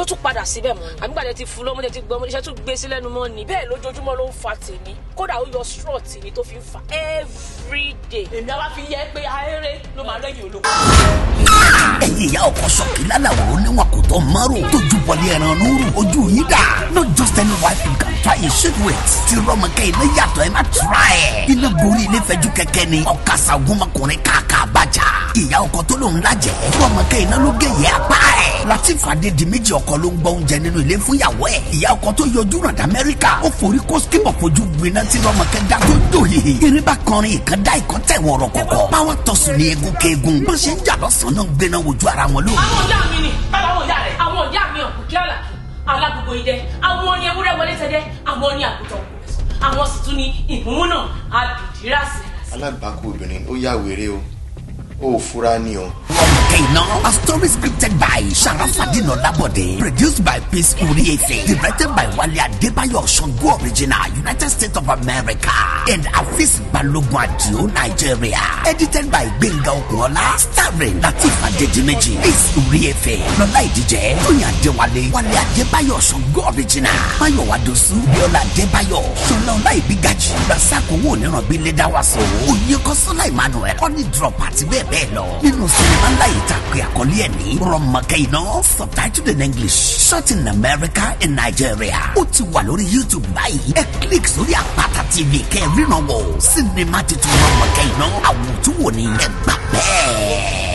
ṣó tún padà síbẹ̀ mọ́ àgbàdẹ ti fún lọ́mọdé ti gbọ́mọdé iṣẹ́ tún gbé sí lẹ́nu mọ́ ni bẹ́ẹ̀ lójoojúmọ́ ló ń fa tèmi kódà ó yọ straw tèmi tó fi ń fa every day. èmi àwa fi yẹ pé ahéré ló máa lẹ́yìn olóko lóye ìyá ọkọ sọkè lálàwòrán níwọn kò tọ márùn tójú bọlé ẹran lóru ojú yín dà no just any wife you can try and shake weight ti rọmọkẹ iná yàtọ̀ ẹ má try ẹ iná gorí ilé fẹjú kẹkẹ ni ọkàṣà ogunmọkùnrin kàkà àbájá ìyá ọkọ tó lòun lájẹ rọmọkẹ iná ló gé yẹ apá ẹ Latifa dé di méjì ọkọ ló ń gbọ oúnjẹ nínú ilé fún ìyàwó ẹ ìyá ọkọ tó yọjú ràn dá Amẹ́ríkà ó forí kó skimọ̀ fojú gbiná tí rọmọkẹ dá tó dò yìí ìrìbá kọrin gbára wọn lóhùn. àwọn ìyá mi ni àwọn ìyá rẹ àwọn ìyá mi ọ̀kú kí ọ̀là kí alágbogbo idẹ àwọn ni ewúrẹ́ wọlé tẹ́dẹ́ àwọn ni àgùntàn àwọn sì tún ni ìmúmú náà àbìdírásì. alábàákú obìnrin ó yà wèrè o ó fura ni o. Iná a story scripted by Sharafadin Labode, produced by Peace Uriefe directed by Wale Adeba. Adebayo Osungu original United States of America and Afis Balogun Adio Nigeria edited by Gbenga Okunola starring Lateef Adedimeji is Uriefe Lọlá Ìdíjẹ Tóyìn Adéwálé Wálé Adebayo Osungu original Báyọ̀ Adósù Bíọ́lá Adébáyọ̀ Ṣọlá Ọláìbígàjì Rasako owó oníran bíi lé dáwàsó Oyèkọ́sọ́lá Emmanuel Honey Drop àti bẹ́ẹ̀ bẹ́ẹ̀ lọ nínú sinimá ńlá ìtàkùn àkọlé ẹ̀ ní Rọmọkẹ́ iná subtitled in English shot in America and Nigeria ó ti wà lọ lórí YouTube báyìí ẹ click sórí Àpáta TV kẹ́ ẹ ríran wò sinimá titun ọmọkẹ́ iná àwòtúwò ni ẹ gbà bẹ́ẹ̀.